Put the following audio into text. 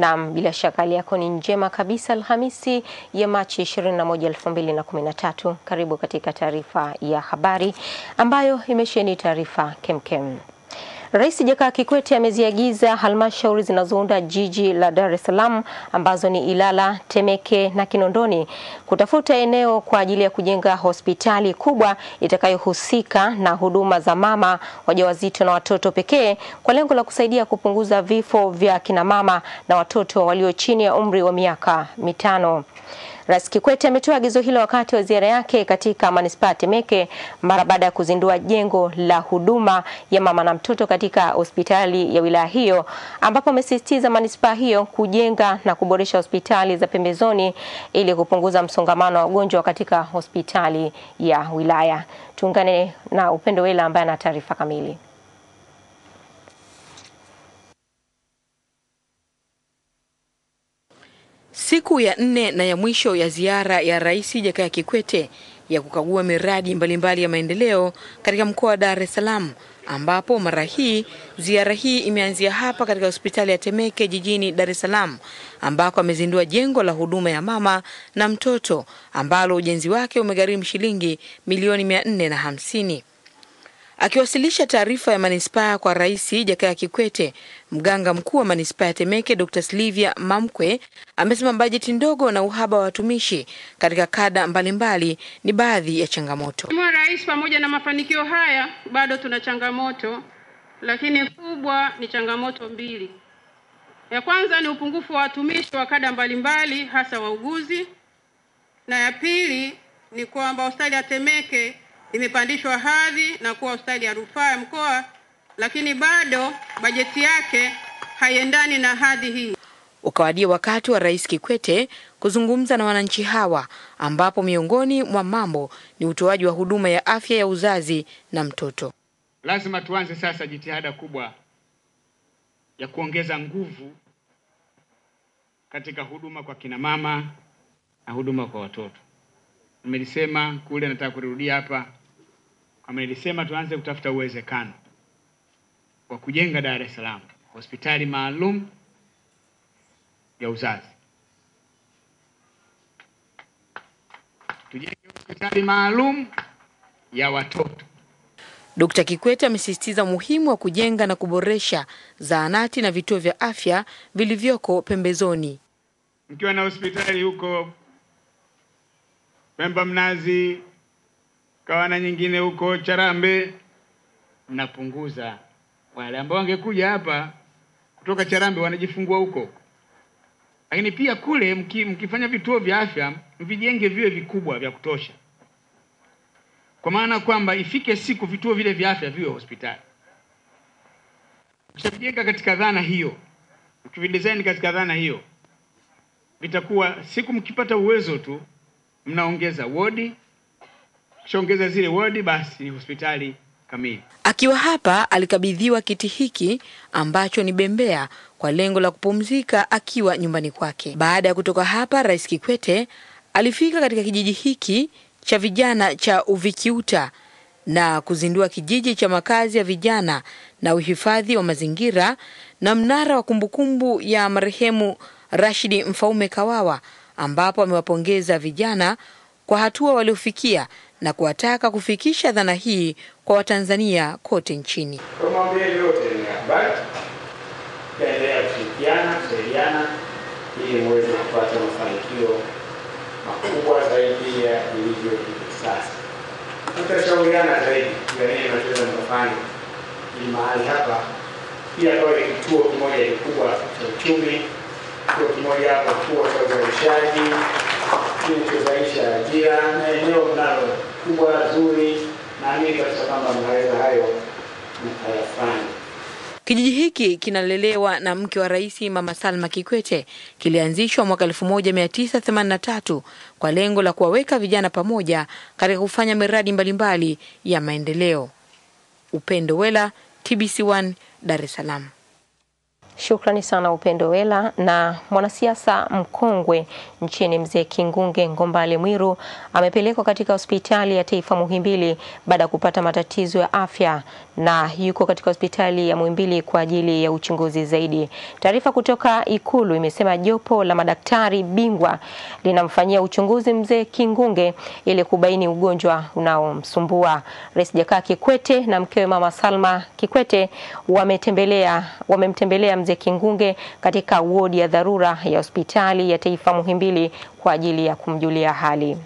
Naam, bila shaka hali yako ni njema kabisa. Alhamisi ya Machi 21, 2013. Karibu katika taarifa ya habari ambayo imesheni taarifa kemkem. Rais Jakaya Kikwete ameziagiza halmashauri zinazounda jiji la Dar es Salaam ambazo ni Ilala, Temeke na Kinondoni kutafuta eneo kwa ajili ya kujenga hospitali kubwa itakayohusika na huduma za mama, wajawazito na watoto pekee kwa lengo la kusaidia kupunguza vifo vya kina mama na watoto walio chini ya umri wa miaka mitano. Rais Kikwete ametoa agizo hilo wakati wa ziara yake katika manispaa ya Temeke mara baada ya kuzindua jengo la huduma ya mama na mtoto katika hospitali ya wilaya hiyo, ambapo amesisitiza manispaa hiyo kujenga na kuboresha hospitali za pembezoni ili kupunguza msongamano wa wagonjwa katika hospitali ya wilaya. Tuungane na Upendo Wela ambaye ana taarifa kamili. Siku ya nne na ya mwisho ya ziara ya Rais Jakaya Kikwete ya kukagua miradi mbalimbali mbali ya maendeleo katika mkoa wa Dar es Salaam, ambapo mara hii ziara hii imeanzia hapa katika hospitali ya Temeke jijini Dar es Salaam, ambako amezindua jengo la huduma ya mama na mtoto ambalo ujenzi wake umegharimu shilingi milioni mia nne na hamsini. Akiwasilisha taarifa ya manispaa kwa Rais Jakaya Kikwete, mganga mkuu wa manispaa ya Temeke Dr slivia Mamkwe amesema bajeti ndogo na uhaba wa watumishi katika kada mbalimbali ni baadhi ya changamoto. Mheshimiwa Rais, pamoja na mafanikio haya, bado tuna changamoto, lakini kubwa ni changamoto mbili. Ya kwanza ni upungufu wa watumishi wa kada mbalimbali, hasa wauguzi, na ya pili ni kwamba hospitali ya Temeke imepandishwa hadhi na kuwa hospitali ya rufaa ya mkoa, lakini bado bajeti yake haiendani na hadhi hii. Ukawadia wakati wa Rais Kikwete kuzungumza na wananchi hawa, ambapo miongoni mwa mambo ni utoaji wa huduma ya afya ya uzazi na mtoto. Lazima tuanze sasa jitihada kubwa ya kuongeza nguvu katika huduma kwa kina mama na huduma kwa watoto. Amelisema kule, nataka kurudia hapa. Amelisema tuanze kutafuta uwezekano wa kujenga Dar es Salaam hospitali maalum ya uzazi, tujenge hospitali maalum ya watoto. Dkt. Kikwete amesisitiza umuhimu wa kujenga na kuboresha zahanati na vituo vya afya vilivyoko pembezoni. Mkiwa na hospitali huko Pemba Mnazi, kawana nyingine huko Charambe, mnapunguza. Wale ambao wangekuja hapa kutoka Charambe wanajifungua huko, lakini pia kule mki, mkifanya vituo vya afya mvijenge viwe vikubwa vya kutosha, kwa maana kwamba ifike siku vituo vile vya afya viwe hospitali. Ukishavijenga katika dhana hiyo, mkividesign katika dhana hiyo, vitakuwa siku mkipata uwezo tu mnaongeza wodi, kishaongeza zile wodi, basi ni hospitali kamili. Akiwa hapa alikabidhiwa kiti hiki ambacho ni bembea kwa lengo la kupumzika akiwa nyumbani kwake. Baada ya kutoka hapa, Rais Kikwete alifika katika kijiji hiki cha vijana cha Uvikiuta na kuzindua kijiji cha makazi ya vijana na uhifadhi wa mazingira na mnara wa kumbukumbu ya marehemu Rashidi Mfaume Kawawa ambapo amewapongeza vijana kwa hatua waliofikia na kuwataka kufikisha dhana hii kwa Watanzania kote nchini. Tunamwambia yote ni habari, tutaendelea kushirikiana, kusaidiana ili muweze kupata mafanikio makubwa zaidi ya ilivyo hivi sasa. Tutashauriana zaidi ya nini tunachoweza ili mahali hapa pia pawe kituo kimoja kikubwa cha uchumi kituo kimoja hapo kituo cha uzalishaji kilichozalisha ajira na eneo mnalo kubwa zuri, naamini kabisa kwamba mnaweza hayo mkayafanya. Kijiji hiki kinalelewa na mke wa rais Mama Salma Kikwete. Kilianzishwa mwaka 1983 kwa lengo la kuwaweka vijana pamoja katika kufanya miradi mbalimbali ya maendeleo. Upendo Wela, TBC1, Dar es Salaam. Shukrani sana Upendo Wela. Na mwanasiasa mkongwe nchini mzee Kingunge Ngombale Mwiru amepelekwa katika hospitali ya taifa Muhimbili baada ya kupata matatizo ya afya na yuko katika hospitali ya Muhimbili kwa ajili ya uchunguzi zaidi. Taarifa kutoka Ikulu imesema jopo la madaktari bingwa linamfanyia uchunguzi mzee Kingunge ili kubaini ugonjwa unaomsumbua. Rais Jakaya Kikwete na mkewe Mama Salma Kikwete wametembelea wamemtembelea Mwanze Kingunge katika wodi ya dharura ya hospitali ya taifa Muhimbili kwa ajili ya kumjulia hali.